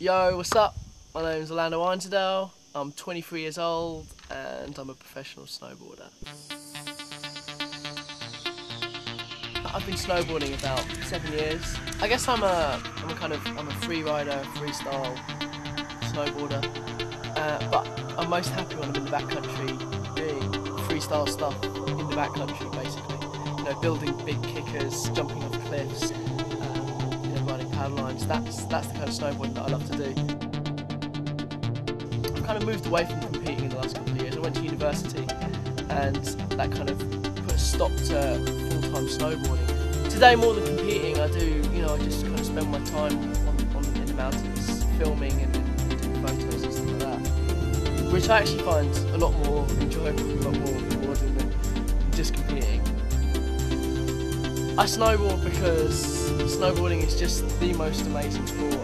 Yo, what's up? My name is Orlando Einsdale. I'm 23 years old and I'm a professional snowboarder. I've been snowboarding about seven years. I guess I'm a, I'm a kind of, I'm a free rider, freestyle snowboarder. Uh, but I'm most happy when I'm in the backcountry doing freestyle stuff in the backcountry basically. You know, building big kickers, jumping off cliffs, down that's, that's the kind of snowboarding that I love to do. I've kind of moved away from competing in the last couple of years. I went to university and that kind of put a stop to full-time snowboarding. Today, more than competing, I do, you know, I just kind of spend my time on, on in the mountains filming and, and doing photos and stuff like that. Which I actually find a lot more enjoyable, a lot more rewarding than just competing. I snowboard because snowboarding is just the most amazing sport.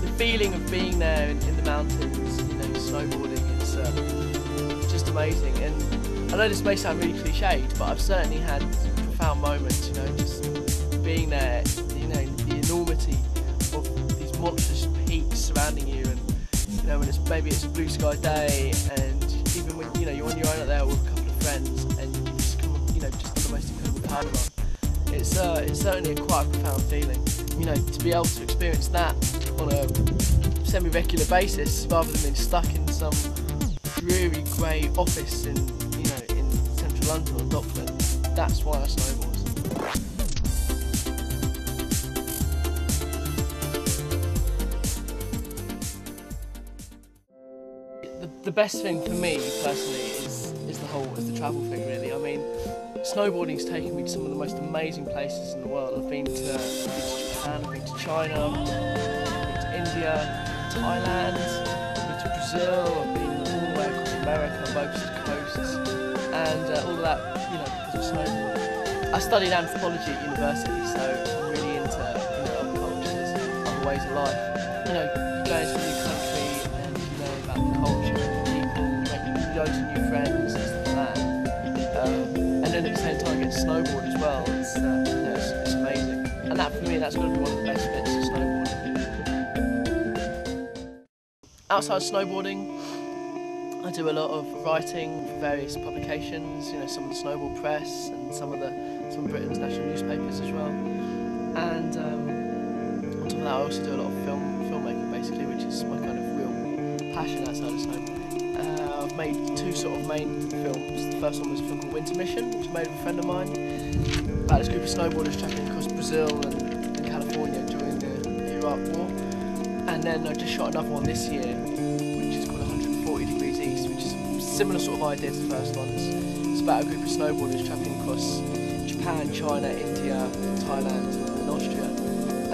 The feeling of being there in, in the mountains, you know, snowboarding, it's uh, just amazing. And I know this may sound really cliched, but I've certainly had profound moments, you know, just being there, you know, the enormity of these monstrous peaks surrounding you and, you know, when it's, maybe it's a blue sky day and even when, you know, you're on your own out there with a couple of friends and you just come, you know, just the most incredible time it's, uh, it's certainly a quite a profound feeling. You know, to be able to experience that on a semi-regular basis rather than being stuck in some dreary grey office in, you know, in central London or Dockland, that's why I snowboard. the best thing for me personally is is the whole is the travel thing really. I mean, Snowboarding's taken me to some of the most amazing places in the world. I've been to, Japan, I've been to China, I've been to India, Thailand, I've been to Brazil, I've been all the way across America, both the coasts, and uh, all that, you know, because of snowboarding. I studied anthropology at university, so I'm really into, you know, other cultures, other ways of life. You know, well. It's, uh, it's, it's, amazing. And that for me, that's going to be one of the best bits of snowboarding. Outside snowboarding, I do a lot of writing for various publications, you know, some of the Snowboard Press and some of the some of Britain's national newspapers as well. And um, on top of that, I also do a lot of film filmmaking, basically, which is my kind of real passion outside of snowboarding. Uh, I've made two sort of main films. The first one was a film called Winter Mission, which I made with a friend of mine. About this group of snowboarders travelling across Brazil and, and California during the Iraq War. And then I just shot another one this year, which is called 140 Degrees East, which is a similar sort of idea to the first one. It's, it's about a group of snowboarders travelling across Japan, China, India, Thailand, and Austria.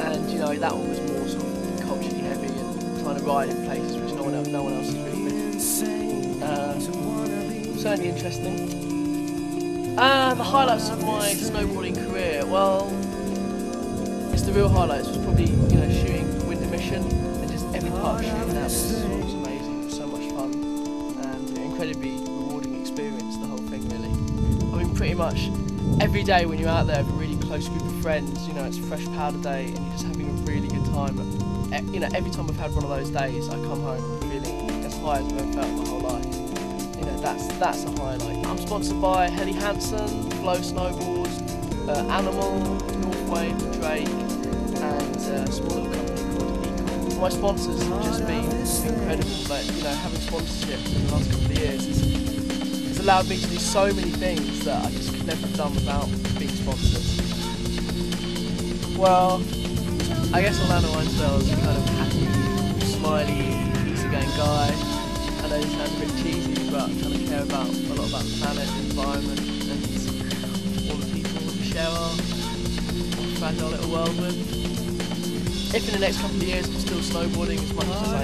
And you know that one was more sort of culturally heavy and trying to ride in places which no one else, no one else really certainly interesting. Uh, the highlights of my snowboarding career. Well, it's the real highlights was probably you know shooting Winter Mission and just every part of shooting that was, was amazing, was so much fun, and um, incredibly rewarding experience. The whole thing really. I mean, pretty much every day when you're out there with a really close group of friends, you know, it's fresh powder day and you're just having a really good time. You know, every time I've had one of those days, I come home I've ever felt my whole life. You know, that's that's a highlight. I'm sponsored by Helly Hansen, Flow Snowboards, uh, Animal, Northwave, Drake, and uh, a small little company called Econ. My sponsors have just been incredible, but you know, having sponsorships in the last couple of years has, has allowed me to do so many things that I just could never have done without being sponsored. Well, I guess Orlando Einstein is kind of happy, smiley, easygoing guy. It sounds a bit cheesy, but I kind of care about a lot about the planet, the environment, and all the people we share our fragile little world with. If in the next couple of years I'm still snowboarding as much as I oh,